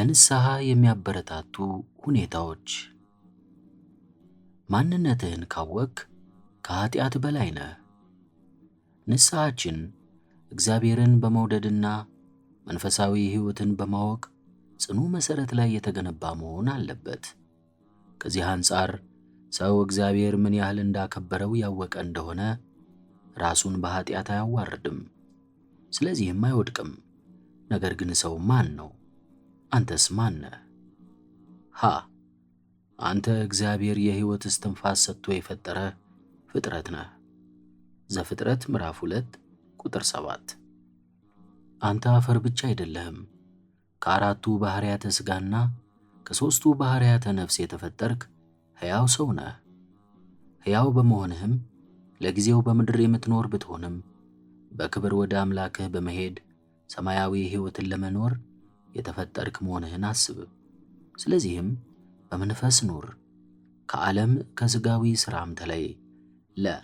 ለንስሐ የሚያበረታቱ ሁኔታዎች። ማንነትህን ካወቅ ከኃጢአት በላይ ነህ። ንስሐችን እግዚአብሔርን በመውደድና መንፈሳዊ ሕይወትን በማወቅ ጽኑ መሠረት ላይ የተገነባ መሆን አለበት። ከዚህ አንጻር ሰው እግዚአብሔር ምን ያህል እንዳከበረው ያወቀ እንደሆነ ራሱን በኃጢአት አያዋርድም፣ ስለዚህም አይወድቅም። ነገር ግን ሰው ማን ነው? አንተስ ማነህ? ሃ አንተ እግዚአብሔር የሕይወት እስትንፋስ ሰጥቶ የፈጠረ ፍጥረት ነህ። ዘፍጥረት ምዕራፍ 2 ቁጥር 7። አንተ አፈር ብቻ አይደለህም፣ ከአራቱ ባህሪያተ ሥጋና ከሦስቱ ባህሪያተ ነፍስ የተፈጠርክ ሕያው ሰው ነህ። ሕያው በመሆንህም ለጊዜው በምድር የምትኖር ብትሆንም በክብር ወደ አምላክህ በመሄድ ሰማያዊ ሕይወትን ለመኖር የተፈጠርክ መሆንህን አስብ። ስለዚህም በመንፈስ ኑር፣ ከዓለም ከሥጋዊ ሥራም ተለይ። ለ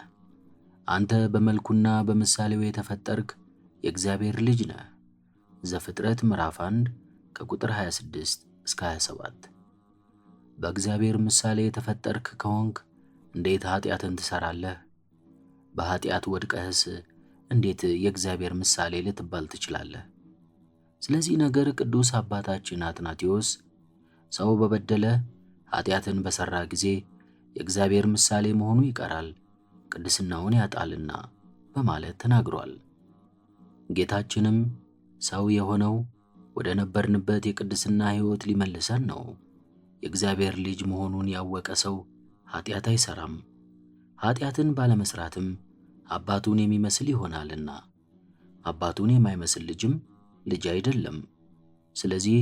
አንተ በመልኩና በምሳሌው የተፈጠርክ የእግዚአብሔር ልጅ ነህ። ዘፍጥረት ምዕራፍ 1 ከቁጥር 26 እስከ 27። በእግዚአብሔር ምሳሌ የተፈጠርክ ከሆንክ እንዴት ኃጢአትን ትሠራለህ? በኃጢአት ወድቀህስ እንዴት የእግዚአብሔር ምሳሌ ልትባል ትችላለህ? ስለዚህ ነገር ቅዱስ አባታችን አትናቴዎስ ሰው በበደለ ኃጢአትን በሠራ ጊዜ የእግዚአብሔር ምሳሌ መሆኑ ይቀራል፣ ቅድስናውን ያጣልና በማለት ተናግሯል። ጌታችንም ሰው የሆነው ወደ ነበርንበት የቅድስና ሕይወት ሊመልሰን ነው። የእግዚአብሔር ልጅ መሆኑን ያወቀ ሰው ኃጢአት አይሠራም፣ ኃጢአትን ባለመሥራትም አባቱን የሚመስል ይሆናልና አባቱን የማይመስል ልጅም ልጅ አይደለም። ስለዚህ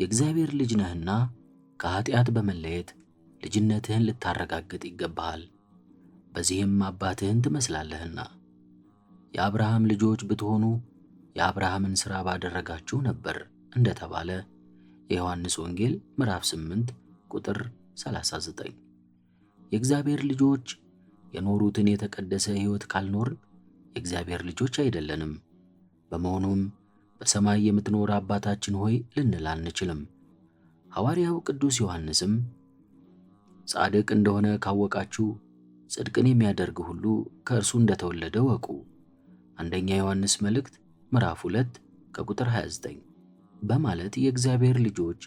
የእግዚአብሔር ልጅ ነህና ከኃጢአት በመለየት ልጅነትህን ልታረጋግጥ ይገባሃል። በዚህም አባትህን ትመስላለህና የአብርሃም ልጆች ብትሆኑ የአብርሃምን ሥራ ባደረጋችሁ ነበር እንደተባለ የዮሐንስ ወንጌል ምዕራፍ 8 ቁጥር 39። የእግዚአብሔር ልጆች የኖሩትን የተቀደሰ ሕይወት ካልኖርን የእግዚአብሔር ልጆች አይደለንም። በመሆኑም በሰማይ የምትኖር አባታችን ሆይ ልንል አንችልም። ሐዋርያው ቅዱስ ዮሐንስም ጻድቅ እንደሆነ ካወቃችሁ ጽድቅን የሚያደርግ ሁሉ ከእርሱ እንደተወለደ ወቁ፣ አንደኛ ዮሐንስ መልእክት ምዕራፍ 2 ከቁጥር 29 በማለት የእግዚአብሔር ልጆች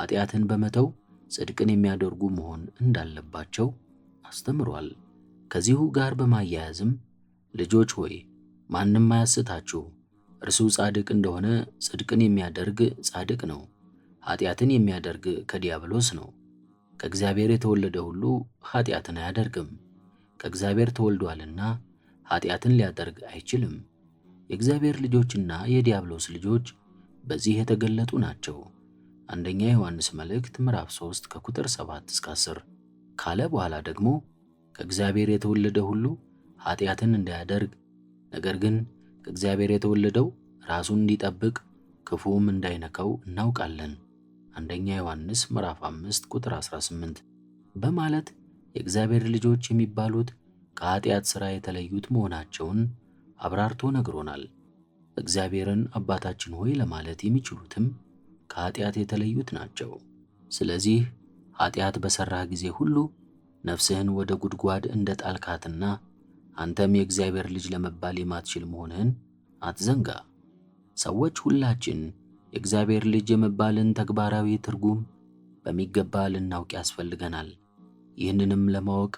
ኃጢአትን በመተው ጽድቅን የሚያደርጉ መሆን እንዳለባቸው አስተምሯል። ከዚሁ ጋር በማያያዝም ልጆች ሆይ ማንም አያስታችሁ እርሱ ጻድቅ እንደሆነ ጽድቅን የሚያደርግ ጻድቅ ነው፣ ኃጢአትን የሚያደርግ ከዲያብሎስ ነው። ከእግዚአብሔር የተወለደ ሁሉ ኃጢአትን አያደርግም፣ ከእግዚአብሔር ተወልዷልና ኃጢአትን ሊያደርግ አይችልም። የእግዚአብሔር ልጆችና የዲያብሎስ ልጆች በዚህ የተገለጡ ናቸው። አንደኛ ዮሐንስ መልእክት ምዕራፍ 3 ከቁጥር 7 እስከ 10 ካለ በኋላ ደግሞ ከእግዚአብሔር የተወለደ ሁሉ ኃጢአትን እንዳያደርግ ነገር ግን ከእግዚአብሔር የተወለደው ራሱን እንዲጠብቅ ክፉም እንዳይነካው እናውቃለን አንደኛ ዮሐንስ ምዕራፍ 5 ቁጥር 18 በማለት የእግዚአብሔር ልጆች የሚባሉት ከኃጢአት ሥራ የተለዩት መሆናቸውን አብራርቶ ነግሮናል። እግዚአብሔርን አባታችን ሆይ ለማለት የሚችሉትም ከኃጢአት የተለዩት ናቸው። ስለዚህ ኃጢአት በሠራህ ጊዜ ሁሉ ነፍስህን ወደ ጉድጓድ እንደ ጣልካትና አንተም የእግዚአብሔር ልጅ ለመባል የማትችል መሆንህን አትዘንጋ። ሰዎች ሁላችን የእግዚአብሔር ልጅ የመባልን ተግባራዊ ትርጉም በሚገባ ልናውቅ ያስፈልገናል። ይህንንም ለማወቅ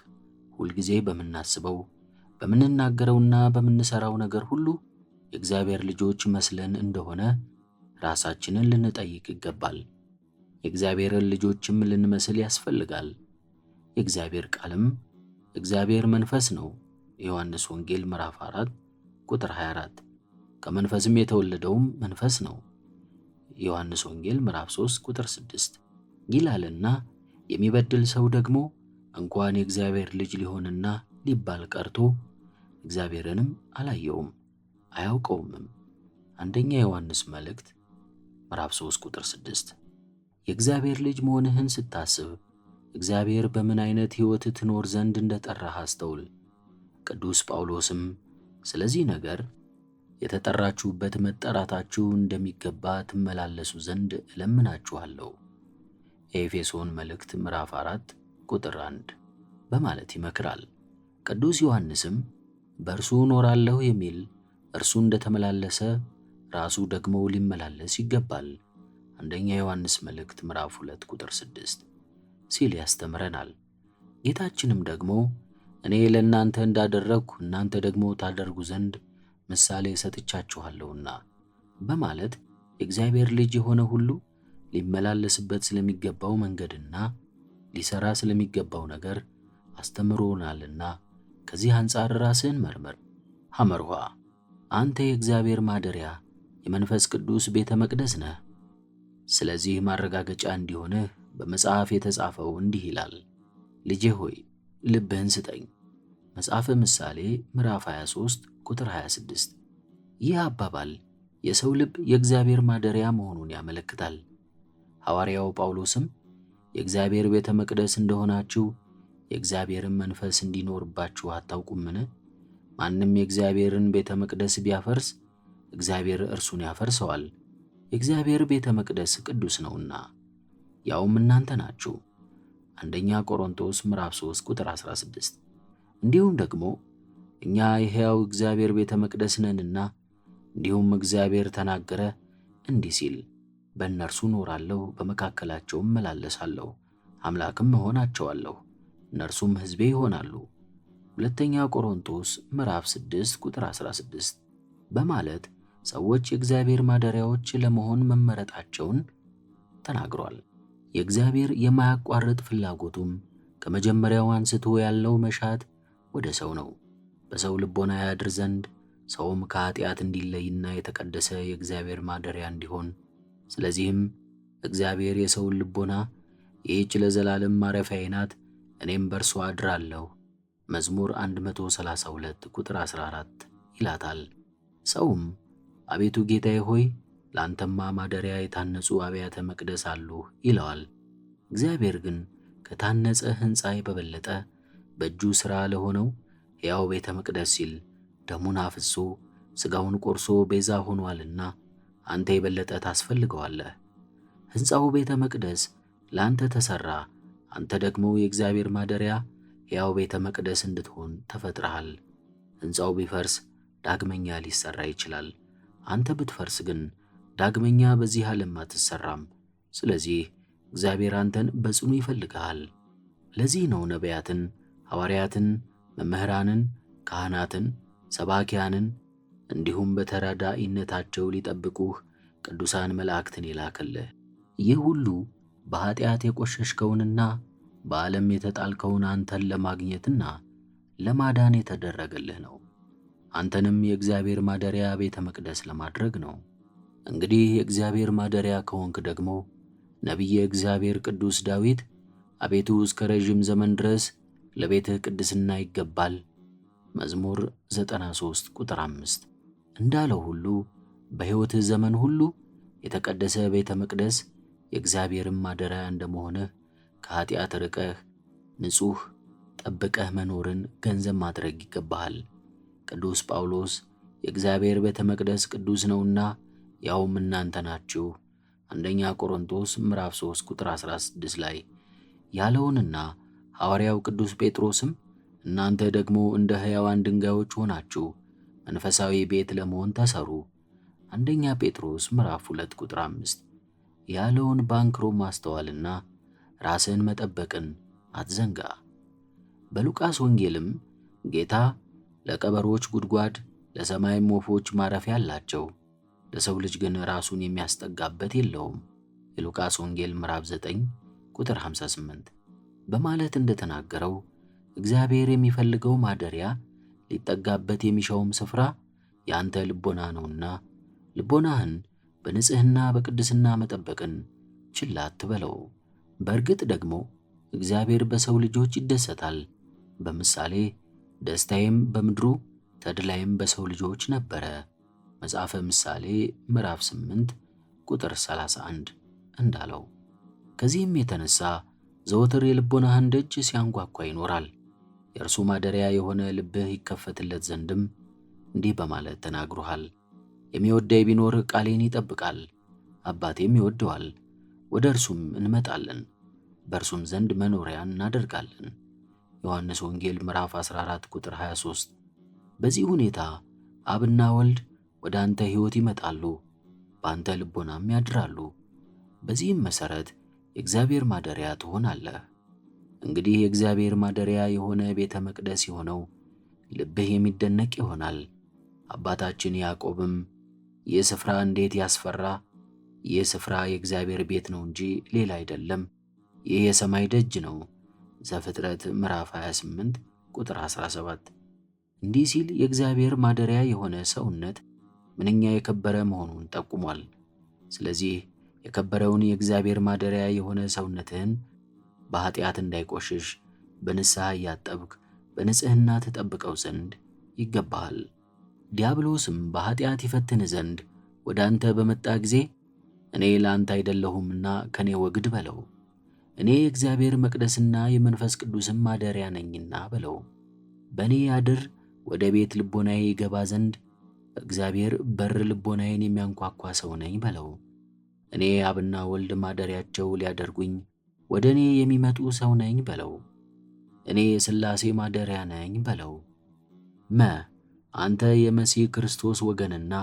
ሁልጊዜ በምናስበው በምንናገረውና በምንሰራው ነገር ሁሉ የእግዚአብሔር ልጆች መስለን እንደሆነ ራሳችንን ልንጠይቅ ይገባል። የእግዚአብሔርን ልጆችም ልንመስል ያስፈልጋል። የእግዚአብሔር ቃልም እግዚአብሔር መንፈስ ነው። የዮሐንስ ወንጌል ምዕራፍ 4 ቁጥር 24። ከመንፈስም የተወለደውም መንፈስ ነው ዮሐንስ ወንጌል ምዕራፍ 3 ቁጥር 6 ይላልና የሚበድል ሰው ደግሞ እንኳን የእግዚአብሔር ልጅ ሊሆንና ሊባል ቀርቶ እግዚአብሔርንም አላየውም አያውቀውምም። አንደኛ ዮሐንስ መልእክት ምዕራፍ 3 ቁጥር 6። የእግዚአብሔር ልጅ መሆንህን ስታስብ እግዚአብሔር በምን አይነት ሕይወት ትኖር ዘንድ እንደጠራህ አስተውል። ቅዱስ ጳውሎስም ስለዚህ ነገር የተጠራችሁበት መጠራታችሁ እንደሚገባ ትመላለሱ ዘንድ እለምናችኋለሁ የኤፌሶን መልእክት ምዕራፍ 4 ቁጥር 1 በማለት ይመክራል። ቅዱስ ዮሐንስም በእርሱ እኖራለሁ የሚል እርሱ እንደተመላለሰ ራሱ ደግሞ ሊመላለስ ይገባል፣ አንደኛ ዮሐንስ መልእክት ምዕራፍ 2 ቁጥር 6 ሲል ያስተምረናል። ጌታችንም ደግሞ እኔ ለእናንተ እንዳደረግሁ እናንተ ደግሞ ታደርጉ ዘንድ ምሳሌ ሰጥቻችኋለሁና በማለት የእግዚአብሔር ልጅ የሆነ ሁሉ ሊመላለስበት ስለሚገባው መንገድና ሊሰራ ስለሚገባው ነገር አስተምሮናልና ከዚህ አንጻር ራስህን መርምር። ሐመርኋ አንተ የእግዚአብሔር ማደሪያ የመንፈስ ቅዱስ ቤተ መቅደስ ነህ። ስለዚህ ማረጋገጫ እንዲሆንህ በመጽሐፍ የተጻፈው እንዲህ ይላል፣ ልጄ ሆይ ልብህን ስጠኝ። መጽሐፈ ምሳሌ ምዕራፍ 23 ቁጥር 26። ይህ አባባል የሰው ልብ የእግዚአብሔር ማደሪያ መሆኑን ያመለክታል። ሐዋርያው ጳውሎስም የእግዚአብሔር ቤተ መቅደስ እንደሆናችሁ የእግዚአብሔርን መንፈስ እንዲኖርባችሁ አታውቁምን? ማንም የእግዚአብሔርን ቤተ መቅደስ ቢያፈርስ እግዚአብሔር እርሱን ያፈርሰዋል፣ የእግዚአብሔር ቤተ መቅደስ ቅዱስ ነውና፣ ያውም እናንተ ናችሁ። አንደኛ ቆሮንቶስ ምዕራፍ 3 ቁጥር 16። እንዲሁም ደግሞ እኛ የሕያው እግዚአብሔር ቤተ መቅደስ ነንና እንዲሁም እግዚአብሔር ተናገረ እንዲህ ሲል በእነርሱ ኖራለሁ፣ በመካከላቸውም መላለሳለሁ፣ አምላክም እሆናቸዋለሁ፣ እነርሱም ሕዝቤ ይሆናሉ ሁለተኛ ቆሮንቶስ ምዕራፍ 6 ቁጥር 16 በማለት ሰዎች የእግዚአብሔር ማደሪያዎች ለመሆን መመረጣቸውን ተናግሯል። የእግዚአብሔር የማያቋርጥ ፍላጎቱም ከመጀመሪያው አንስቶ ያለው መሻት ወደ ሰው ነው። በሰው ልቦና ያድር ዘንድ ሰውም ከኃጢአት እንዲለይና የተቀደሰ የእግዚአብሔር ማደሪያ እንዲሆን። ስለዚህም እግዚአብሔር የሰውን ልቦና ይህች ለዘላለም ማረፊያዬ ናት፣ እኔም በእርሶ አድራለሁ መዝሙር 132 ቁጥር 14 ይላታል። ሰውም አቤቱ ጌታዬ ሆይ ለአንተማ ማደሪያ የታነጹ አብያተ መቅደስ አሉ ይለዋል። እግዚአብሔር ግን ከታነጸ ሕንፃ በበለጠ በእጁ ሥራ ለሆነው ሕያው ቤተ መቅደስ ሲል ደሙን አፍሶ ሥጋውን ቆርሶ ቤዛ ሆኗልና አንተ የበለጠ ታስፈልገዋለህ። ሕንፃው ቤተ መቅደስ ለአንተ ተሠራ፣ አንተ ደግሞ የእግዚአብሔር ማደሪያ ሕያው ቤተ መቅደስ እንድትሆን ተፈጥረሃል። ሕንፃው ቢፈርስ ዳግመኛ ሊሠራ ይችላል። አንተ ብትፈርስ ግን ዳግመኛ በዚህ ዓለም አትሰራም። ስለዚህ እግዚአብሔር አንተን በጽኑ ይፈልግሃል። ለዚህ ነው ነቢያትን፣ ሐዋርያትን፣ መምህራንን፣ ካህናትን፣ ሰባኪያንን እንዲሁም በተራዳኢነታቸው ሊጠብቁህ ቅዱሳን መላእክትን የላከልህ። ይህ ሁሉ በኀጢአት የቆሸሽከውንና በዓለም የተጣልከውን አንተን ለማግኘትና ለማዳን የተደረገልህ ነው። አንተንም የእግዚአብሔር ማደሪያ ቤተ መቅደስ ለማድረግ ነው። እንግዲህ የእግዚአብሔር ማደሪያ ከሆንክ ደግሞ ነቢየ እግዚአብሔር ቅዱስ ዳዊት አቤቱ እስከ ረዥም ዘመን ድረስ ለቤትህ ቅድስና ይገባል መዝሙር 93 ቁጥር 5 እንዳለው ሁሉ በሕይወትህ ዘመን ሁሉ የተቀደሰ ቤተ መቅደስ የእግዚአብሔርን ማደሪያ እንደመሆንህ ከኀጢአት ርቀህ ንጹሕ ጠብቀህ መኖርን ገንዘብ ማድረግ ይገባሃል። ቅዱስ ጳውሎስ የእግዚአብሔር ቤተ መቅደስ ቅዱስ ነውና ያውም እናንተ ናችሁ። አንደኛ ቆሮንቶስ ምዕራፍ 3 ቁጥር 16 ላይ ያለውንና ሐዋርያው ቅዱስ ጴጥሮስም እናንተ ደግሞ እንደ ሕያዋን ድንጋዮች ሆናችሁ መንፈሳዊ ቤት ለመሆን ተሰሩ፣ አንደኛ ጴጥሮስ ምዕራፍ 2 ቁጥር 5 ያለውን ባንክሮ ማስተዋልና ራስን መጠበቅን አትዘንጋ። በሉቃስ ወንጌልም ጌታ ለቀበሮች ጉድጓድ ለሰማይም ወፎች ማረፊያ አላቸው ለሰው ልጅ ግን ራሱን የሚያስጠጋበት የለውም። የሉቃስ ወንጌል ምዕራፍ 9 ቁጥር 58 በማለት እንደተናገረው እግዚአብሔር የሚፈልገው ማደሪያ ሊጠጋበት የሚሻውም ስፍራ የአንተ ልቦና ነውና ልቦናህን በንጽሕና በቅድስና መጠበቅን ችላ አትበለው። በእርግጥ ደግሞ እግዚአብሔር በሰው ልጆች ይደሰታል። በምሳሌ ደስታዬም በምድሩ ተድላይም በሰው ልጆች ነበረ መጽሐፈ ምሳሌ ምዕራፍ 8 ቁጥር 31 እንዳለው። ከዚህም የተነሳ ዘወትር የልቦናህን ደጅ ሲያንጓኳ ይኖራል፣ የእርሱ ማደሪያ የሆነ ልብህ ይከፈትለት ዘንድም እንዲህ በማለት ተናግሮሃል። የሚወደኝ ቢኖር ቃሌን ይጠብቃል፣ አባቴም ይወደዋል፣ ወደ እርሱም እንመጣለን፣ በእርሱም ዘንድ መኖሪያን እናደርጋለን። ዮሐንስ ወንጌል ምዕራፍ 14 ቁጥር 23። በዚህ ሁኔታ አብና ወልድ ወደ አንተ ሕይወት ይመጣሉ፣ በአንተ ልቦናም ያድራሉ። በዚህም መሠረት የእግዚአብሔር ማደሪያ ትሆናለህ። እንግዲህ የእግዚአብሔር ማደሪያ የሆነ ቤተ መቅደስ የሆነው ልብህ የሚደነቅ ይሆናል። አባታችን ያዕቆብም ይህ ስፍራ እንዴት ያስፈራ! ይህ ስፍራ የእግዚአብሔር ቤት ነው እንጂ ሌላ አይደለም፣ ይህ የሰማይ ደጅ ነው። ዘፍጥረት ምዕራፍ 28 ቁጥር 17። እንዲህ ሲል የእግዚአብሔር ማደሪያ የሆነ ሰውነት ምንኛ የከበረ መሆኑን ጠቁሟል። ስለዚህ የከበረውን የእግዚአብሔር ማደሪያ የሆነ ሰውነትህን በኃጢአት እንዳይቆሽሽ በንስሐ እያጠብክ በንጽሕና ተጠብቀው ዘንድ ይገባሃል። ዲያብሎስም በኃጢአት ይፈትን ዘንድ ወደ አንተ በመጣ ጊዜ እኔ ለአንተ አይደለሁምና ከኔ ወግድ በለው፣ እኔ የእግዚአብሔር መቅደስና የመንፈስ ቅዱስም ማደሪያ ነኝና በለው። በእኔ አድር፣ ወደ ቤት ልቦናዬ ይገባ ዘንድ እግዚአብሔር በር ልቦናዬን የሚያንኳኳ ሰው ነኝ በለው። እኔ አብና ወልድ ማደሪያቸው ሊያደርጉኝ ወደ እኔ የሚመጡ ሰው ነኝ በለው። እኔ የሥላሴ ማደሪያ ነኝ በለው። መ አንተ የመሲህ ክርስቶስ ወገንና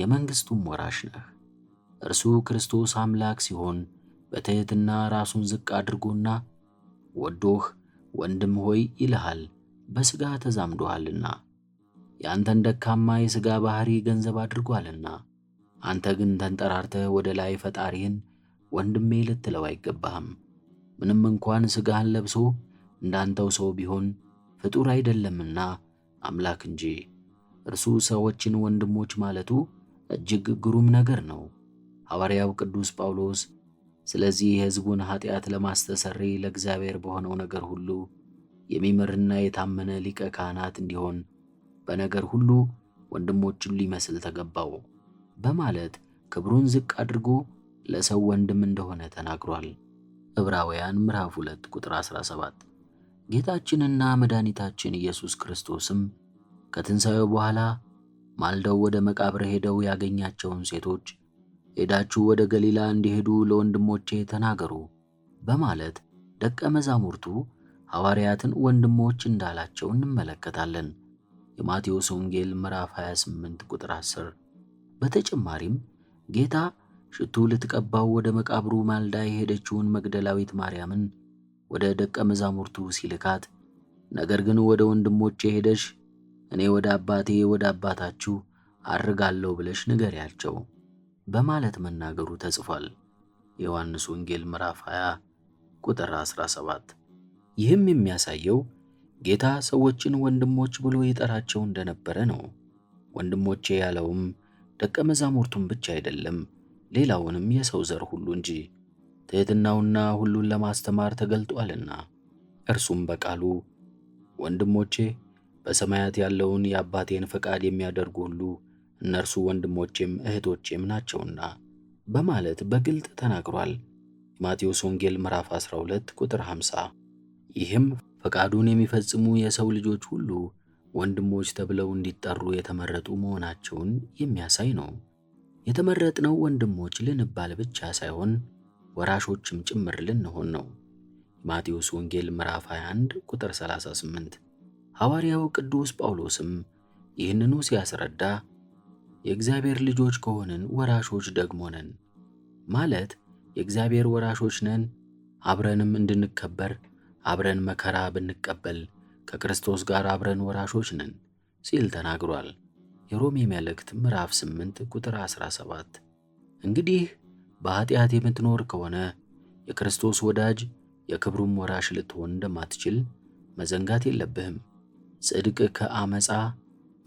የመንግሥቱም ወራሽ ነህ። እርሱ ክርስቶስ አምላክ ሲሆን በትሕትና ራሱን ዝቅ አድርጎና ወዶህ ወንድም ሆይ ይልሃል፣ በሥጋ ተዛምዶሃልና የአንተን ደካማ የሥጋ ባሕሪ ገንዘብ አድርጓልና። አንተ ግን ተንጠራርተህ ወደ ላይ ፈጣሪህን ወንድሜ ልትለው አይገባህም። ምንም እንኳን ሥጋህን ለብሶ እንዳንተው ሰው ቢሆን ፍጡር አይደለምና አምላክ እንጂ። እርሱ ሰዎችን ወንድሞች ማለቱ እጅግ ግሩም ነገር ነው። ሐዋርያው ቅዱስ ጳውሎስ ስለዚህ የሕዝቡን ኀጢአት ለማስተሰሪ ለእግዚአብሔር በሆነው ነገር ሁሉ የሚምርና የታመነ ሊቀ ካህናት እንዲሆን በነገር ሁሉ ወንድሞቹን ሊመስል ተገባው በማለት ክብሩን ዝቅ አድርጎ ለሰው ወንድም እንደሆነ ተናግሯል። ዕብራውያን ምዕራፍ 2 ቁጥር 17። ጌታችንና መድኃኒታችን ኢየሱስ ክርስቶስም ከትንሣኤው በኋላ ማልደው ወደ መቃብር ሄደው ያገኛቸውን ሴቶች ሄዳችሁ ወደ ገሊላ እንዲሄዱ ለወንድሞቼ ተናገሩ በማለት ደቀ መዛሙርቱ ሐዋርያትን ወንድሞች እንዳላቸው እንመለከታለን። የማቴዎስ ወንጌል ምዕራፍ 28 ቁጥር 10። በተጨማሪም ጌታ ሽቱ ልትቀባው ወደ መቃብሩ ማልዳ የሄደችውን መግደላዊት ማርያምን ወደ ደቀ መዛሙርቱ ሲልካት፣ ነገር ግን ወደ ወንድሞቼ ሄደሽ እኔ ወደ አባቴ ወደ አባታችሁ አርጋለሁ ብለሽ ንገሪያቸው በማለት መናገሩ ተጽፏል። የዮሐንስ ወንጌል ምዕራፍ 20 ቁጥር 17። ይህም የሚያሳየው ጌታ ሰዎችን ወንድሞች ብሎ ይጠራቸው እንደነበረ ነው። ወንድሞቼ ያለውም ደቀ መዛሙርቱን ብቻ አይደለም፣ ሌላውንም የሰው ዘር ሁሉ እንጂ ትሕትናውና ሁሉን ለማስተማር ተገልጧልና። እርሱም በቃሉ ወንድሞቼ በሰማያት ያለውን የአባቴን ፈቃድ የሚያደርጉ ሁሉ እነርሱ ወንድሞቼም እህቶቼም ናቸውና በማለት በግልጥ ተናግሯል። ማቴዎስ ወንጌል ምዕራፍ 12 ቁጥር 50 ይህም ፈቃዱን የሚፈጽሙ የሰው ልጆች ሁሉ ወንድሞች ተብለው እንዲጠሩ የተመረጡ መሆናቸውን የሚያሳይ ነው። የተመረጥነው ወንድሞች ልንባል ብቻ ሳይሆን ወራሾችም ጭምር ልንሆን ነው። ማቴዎስ ወንጌል ምዕራፍ 21 ቁጥር 38። ሐዋርያው ቅዱስ ጳውሎስም ይህንኑ ሲያስረዳ የእግዚአብሔር ልጆች ከሆንን ወራሾች ደግሞ ነን ማለት የእግዚአብሔር ወራሾች ነን፣ አብረንም እንድንከበር አብረን መከራ ብንቀበል ከክርስቶስ ጋር አብረን ወራሾች ነን ሲል ተናግሯል። የሮሜ መልእክት ምዕራፍ 8 ቁጥር 17። እንግዲህ በኃጢአት የምትኖር ከሆነ የክርስቶስ ወዳጅ የክብሩም ወራሽ ልትሆን እንደማትችል መዘንጋት የለብህም። ጽድቅ ከአመፃ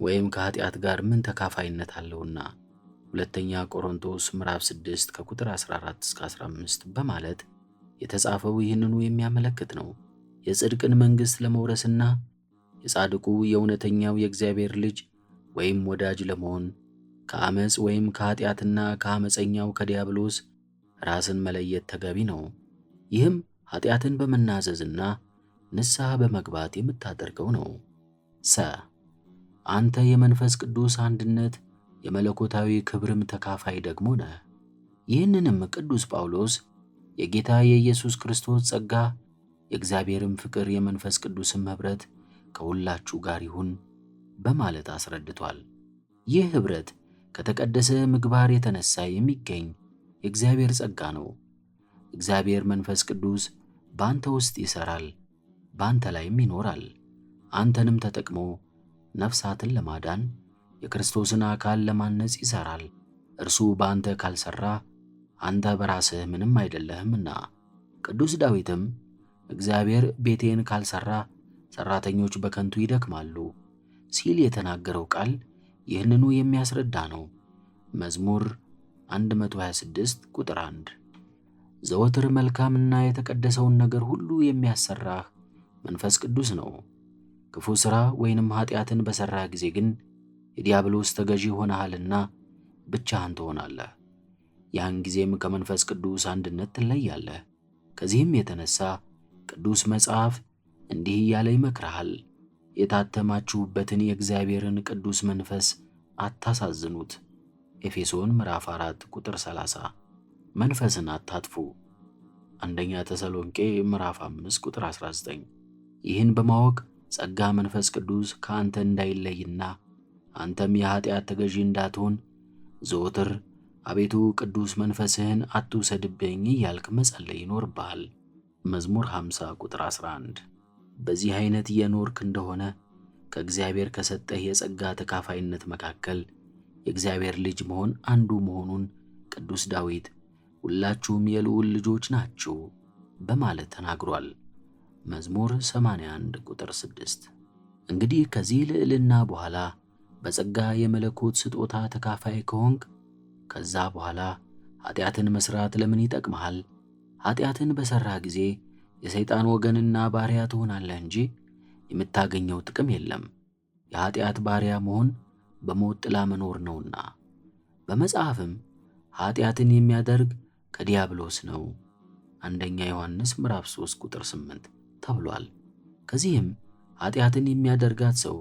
ወይም ከኃጢአት ጋር ምን ተካፋይነት አለውና ሁለተኛ ቆሮንቶስ ምዕራፍ 6 ከቁጥር 14 እስከ 15 በማለት የተጻፈው ይህንኑ የሚያመለክት ነው። የጽድቅን መንግሥት ለመውረስና የጻድቁ የእውነተኛው የእግዚአብሔር ልጅ ወይም ወዳጅ ለመሆን ከአመፅ ወይም ከኃጢአትና ከአመፀኛው ከዲያብሎስ ራስን መለየት ተገቢ ነው። ይህም ኃጢአትን በመናዘዝና ንስሐ በመግባት የምታደርገው ነው። ሰ አንተ የመንፈስ ቅዱስ አንድነት የመለኮታዊ ክብርም ተካፋይ ደግሞ ነህ። ይህንንም ቅዱስ ጳውሎስ የጌታ የኢየሱስ ክርስቶስ ጸጋ የእግዚአብሔርም ፍቅር የመንፈስ ቅዱስም ኅብረት ከሁላችሁ ጋር ይሁን በማለት አስረድቷል። ይህ ኅብረት ከተቀደሰ ምግባር የተነሳ የሚገኝ የእግዚአብሔር ጸጋ ነው። እግዚአብሔር መንፈስ ቅዱስ በአንተ ውስጥ ይሠራል፣ በአንተ ላይም ይኖራል። አንተንም ተጠቅሞ ነፍሳትን ለማዳን የክርስቶስን አካል ለማነጽ ይሠራል። እርሱ በአንተ ካልሠራ አንተ በራስህ ምንም አይደለህምና ቅዱስ ዳዊትም እግዚአብሔር ቤቴን ካልሰራ ሰራተኞች በከንቱ ይደክማሉ ሲል የተናገረው ቃል ይህንኑ የሚያስረዳ ነው። መዝሙር 126 ቁጥር 1 ዘወትር መልካምና የተቀደሰውን ነገር ሁሉ የሚያሰራህ መንፈስ ቅዱስ ነው። ክፉ ሥራ ወይንም ኀጢአትን በሠራ ጊዜ ግን የዲያብሎስ ተገዢ ሆነሃልና ብቻህን ትሆናለህ። ያን ጊዜም ከመንፈስ ቅዱስ አንድነት ትለያለህ። ከዚህም የተነሳ ቅዱስ መጽሐፍ እንዲህ እያለ ይመክርሃል። የታተማችሁበትን የእግዚአብሔርን ቅዱስ መንፈስ አታሳዝኑት። ኤፌሶን ምዕራፍ 4 ቁጥር 30። መንፈስን አታጥፉ። አንደኛ ተሰሎንቄ ምዕራፍ 5 ቁጥር 19። ይህን በማወቅ ጸጋ መንፈስ ቅዱስ ከአንተ እንዳይለይና አንተም የኃጢአት ተገዢ እንዳትሆን ዘወትር አቤቱ ቅዱስ መንፈስህን አትውሰድብኝ እያልክ መጸለይ ይኖርብሃል። መዝሙር 50 ቁጥር 11 በዚህ አይነት የኖርክ እንደሆነ ከእግዚአብሔር ከሰጠህ የጸጋ ተካፋይነት መካከል የእግዚአብሔር ልጅ መሆን አንዱ መሆኑን ቅዱስ ዳዊት ሁላችሁም የልዑል ልጆች ናችሁ በማለት ተናግሯል። መዝሙር 81 ቁጥር 6። እንግዲህ ከዚህ ልዕልና በኋላ በጸጋ የመለኮት ስጦታ ተካፋይ ከሆንክ ከዛ በኋላ ኃጢአትን መሥራት ለምን ይጠቅመሃል? ኃጢአትን በሠራህ ጊዜ የሰይጣን ወገንና ባሪያ ትሆናለህ እንጂ የምታገኘው ጥቅም የለም። የኃጢአት ባሪያ መሆን በሞት ጥላ መኖር ነውና። በመጽሐፍም ኃጢአትን የሚያደርግ ከዲያብሎስ ነው አንደኛ ዮሐንስ ምዕራፍ 3 ቁጥር 8 ተብሏል። ከዚህም ኃጢአትን የሚያደርጋት ሰው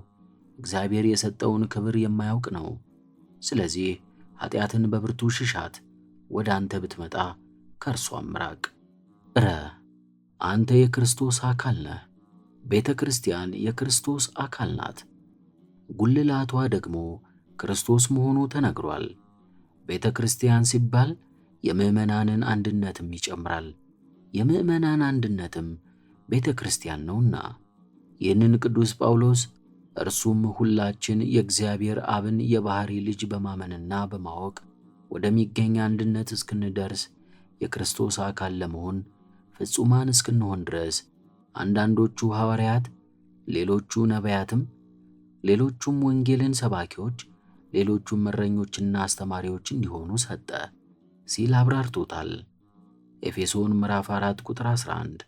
እግዚአብሔር የሰጠውን ክብር የማያውቅ ነው። ስለዚህ ኃጢአትን በብርቱ ሽሻት፣ ወደ አንተ ብትመጣ ከእርሷም ራቅ። እረ አንተ የክርስቶስ አካል ነህ። ቤተ ክርስቲያን የክርስቶስ አካል ናት። ጉልላቷ ደግሞ ክርስቶስ መሆኑ ተነግሯል። ቤተ ክርስቲያን ሲባል የምዕመናንን አንድነትም ይጨምራል። የምዕመናን አንድነትም ቤተ ክርስቲያን ነውና ይህንን ቅዱስ ጳውሎስ እርሱም ሁላችን የእግዚአብሔር አብን የባሕሪ ልጅ በማመንና በማወቅ ወደሚገኝ አንድነት እስክንደርስ የክርስቶስ አካል ለመሆን ፍጹማን እስክንሆን ድረስ አንዳንዶቹ ሐዋርያት፣ ሌሎቹ ነቢያትም፣ ሌሎቹም ወንጌልን ሰባኪዎች፣ ሌሎቹም እረኞችና አስተማሪዎች እንዲሆኑ ሰጠ ሲል አብራርቶታል። ኤፌሶን ምዕራፍ 4 ቁጥር 11።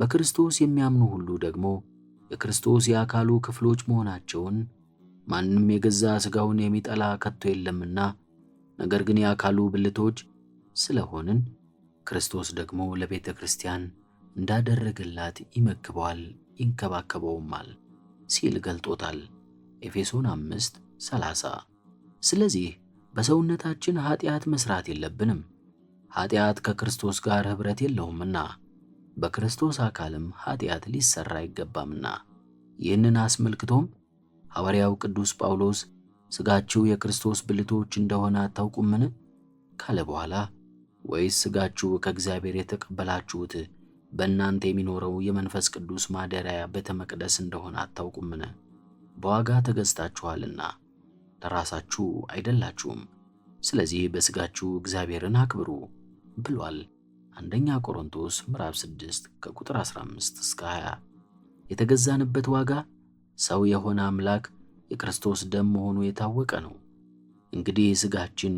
በክርስቶስ የሚያምኑ ሁሉ ደግሞ የክርስቶስ የአካሉ ክፍሎች መሆናቸውን ማንም የገዛ ሥጋውን የሚጠላ ከቶ የለምና ነገር ግን የአካሉ ብልቶች ስለሆንን ክርስቶስ ደግሞ ለቤተ ክርስቲያን እንዳደረገላት ይመግበዋል፣ ይንከባከበውማል ሲል ገልጦታል። ኤፌሶን 5 30 ስለዚህ በሰውነታችን ኃጢአት መስራት የለብንም። ኃጢአት ከክርስቶስ ጋር ኅብረት የለውምና በክርስቶስ አካልም ኃጢአት ሊሰራ አይገባምና። ይህንን አስመልክቶም ሐዋርያው ቅዱስ ጳውሎስ ሥጋችሁ የክርስቶስ ብልቶች እንደሆነ አታውቁምን ካለ በኋላ ወይስ ሥጋችሁ ከእግዚአብሔር የተቀበላችሁት በእናንተ የሚኖረው የመንፈስ ቅዱስ ማደሪያ ቤተ መቅደስ እንደሆነ አታውቁምን? በዋጋ ተገዝታችኋልና ለራሳችሁ አይደላችሁም። ስለዚህ በሥጋችሁ እግዚአብሔርን አክብሩ ብሏል። አንደኛ ቆሮንቶስ ምዕራፍ 6 ከቁጥር 15 እስከ 20። የተገዛንበት ዋጋ ሰው የሆነ አምላክ የክርስቶስ ደም መሆኑ የታወቀ ነው። እንግዲህ ሥጋችን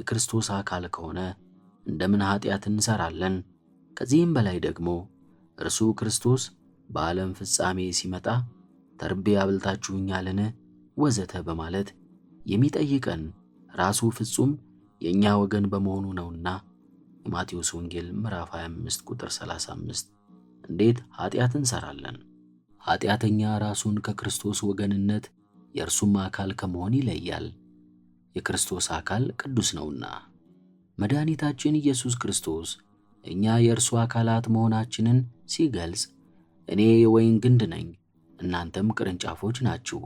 የክርስቶስ አካል ከሆነ እንደምን ኃጢአት እንሰራለን፣ ከዚህም በላይ ደግሞ እርሱ ክርስቶስ በዓለም ፍጻሜ ሲመጣ ተርቤ አብልታችሁኛልን ወዘተ በማለት የሚጠይቀን ራሱ ፍጹም የእኛ ወገን በመሆኑ ነውና። የማቴዎስ ወንጌል ምዕራፍ 25 ቁጥር 35። እንዴት ኃጢአት እንሰራለን? ኃጢአተኛ ራሱን ከክርስቶስ ወገንነት የእርሱም አካል ከመሆን ይለያል። የክርስቶስ አካል ቅዱስ ነውና መድኃኒታችን ኢየሱስ ክርስቶስ እኛ የእርሱ አካላት መሆናችንን ሲገልጽ እኔ የወይን ግንድ ነኝ እናንተም ቅርንጫፎች ናችሁ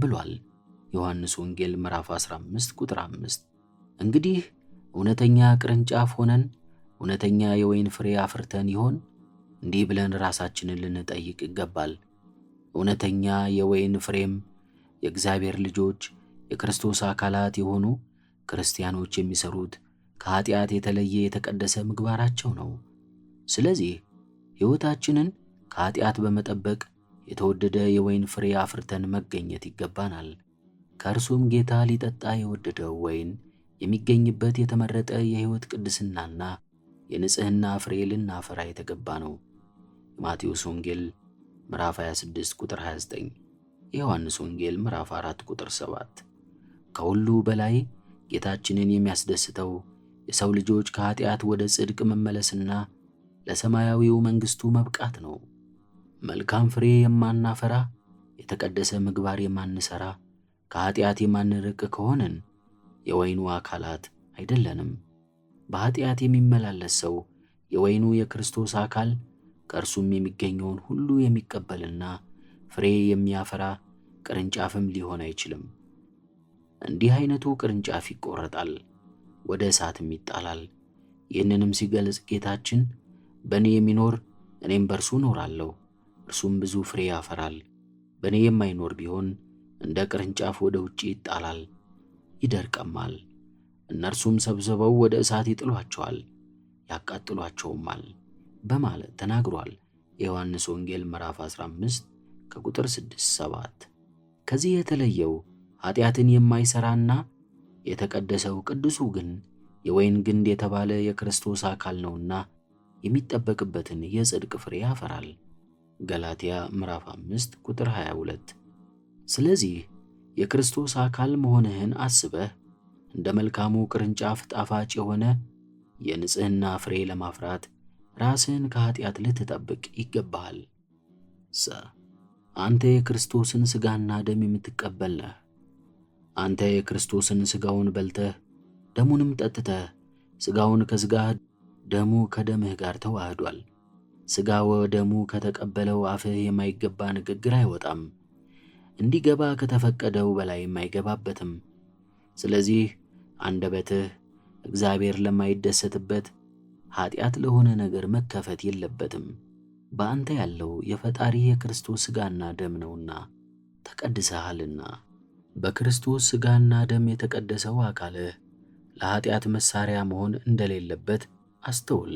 ብሏል። ዮሐንስ ወንጌል ምዕራፍ 15 ቁጥር 5። እንግዲህ እውነተኛ ቅርንጫፍ ሆነን እውነተኛ የወይን ፍሬ አፍርተን ይሆን? እንዲህ ብለን ራሳችንን ልንጠይቅ ይገባል። እውነተኛ የወይን ፍሬም የእግዚአብሔር ልጆች የክርስቶስ አካላት የሆኑ ክርስቲያኖች የሚሰሩት ከኃጢአት የተለየ የተቀደሰ ምግባራቸው ነው። ስለዚህ ሕይወታችንን ከኃጢአት በመጠበቅ የተወደደ የወይን ፍሬ አፍርተን መገኘት ይገባናል። ከእርሱም ጌታ ሊጠጣ የወደደው ወይን የሚገኝበት የተመረጠ የሕይወት ቅድስናና የንጽሕና ፍሬ ልናፈራ የተገባ ነው። የማቴዎስ ወንጌል ምዕራፍ 26 ቁጥር 29፣ የዮሐንስ ወንጌል ምዕራፍ 4 ቁጥር 7። ከሁሉ በላይ ጌታችንን የሚያስደስተው የሰው ልጆች ከኃጢአት ወደ ጽድቅ መመለስና ለሰማያዊው መንግሥቱ መብቃት ነው። መልካም ፍሬ የማናፈራ የተቀደሰ ምግባር የማንሰራ ከኃጢአት የማንርቅ ከሆንን የወይኑ አካላት አይደለንም። በኃጢአት የሚመላለስ ሰው የወይኑ የክርስቶስ አካል ከእርሱም የሚገኘውን ሁሉ የሚቀበልና ፍሬ የሚያፈራ ቅርንጫፍም ሊሆን አይችልም። እንዲህ አይነቱ ቅርንጫፍ ይቆረጣል ወደ እሳትም ይጣላል። ይህንንም ሲገልጽ ጌታችን በእኔ የሚኖር እኔም በእርሱ እኖራለሁ፣ እርሱም ብዙ ፍሬ ያፈራል። በእኔ የማይኖር ቢሆን እንደ ቅርንጫፍ ወደ ውጭ ይጣላል፣ ይደርቀማል። እነርሱም ሰብስበው ወደ እሳት ይጥሏቸዋል፣ ያቃጥሏቸውማል በማለት ተናግሯል። የዮሐንስ ወንጌል ምዕራፍ 15 ከቁጥር 6 7። ከዚህ የተለየው ኃጢአትን የማይሠራና የተቀደሰው ቅዱሱ ግን የወይን ግንድ የተባለ የክርስቶስ አካል ነውና የሚጠበቅበትን የጽድቅ ፍሬ ያፈራል። ገላትያ ምዕራፍ 5 ቁጥር 22። ስለዚህ የክርስቶስ አካል መሆንህን አስበህ እንደ መልካሙ ቅርንጫፍ ጣፋጭ የሆነ የንጽህና ፍሬ ለማፍራት ራስህን ከኃጢአት ልትጠብቅ ይገባሃል። ሰ አንተ የክርስቶስን ሥጋና ደም የምትቀበል ነህ። አንተ የክርስቶስን ሥጋውን በልተህ ደሙንም ጠጥተህ ሥጋውን ከሥጋህ ደሙ ከደምህ ጋር ተዋህዷል። ሥጋ ወደሙ ከተቀበለው አፍህ የማይገባ ንግግር አይወጣም፣ እንዲገባ ከተፈቀደው በላይም አይገባበትም። ስለዚህ አንደበትህ እግዚአብሔር ለማይደሰትበት ኃጢአት ለሆነ ነገር መከፈት የለበትም። በአንተ ያለው የፈጣሪ የክርስቶስ ሥጋና ደም ነውና ተቀድሰሃልና። በክርስቶስ ሥጋና ደም የተቀደሰው አካልህ ለኀጢአት መሣሪያ መሆን እንደሌለበት አስተውል።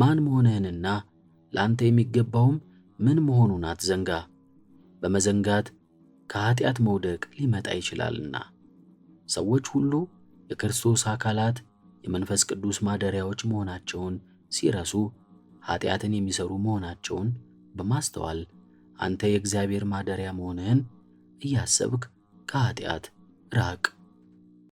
ማን መሆንህንና ለአንተ የሚገባውም ምን መሆኑን አትዘንጋ። በመዘንጋት ከኀጢአት መውደቅ ሊመጣ ይችላልና። ሰዎች ሁሉ የክርስቶስ አካላት፣ የመንፈስ ቅዱስ ማደሪያዎች መሆናቸውን ሲረሱ ኀጢአትን የሚሠሩ መሆናቸውን በማስተዋል አንተ የእግዚአብሔር ማደሪያ መሆንህን እያሰብክ ከኃጢአት ራቅ።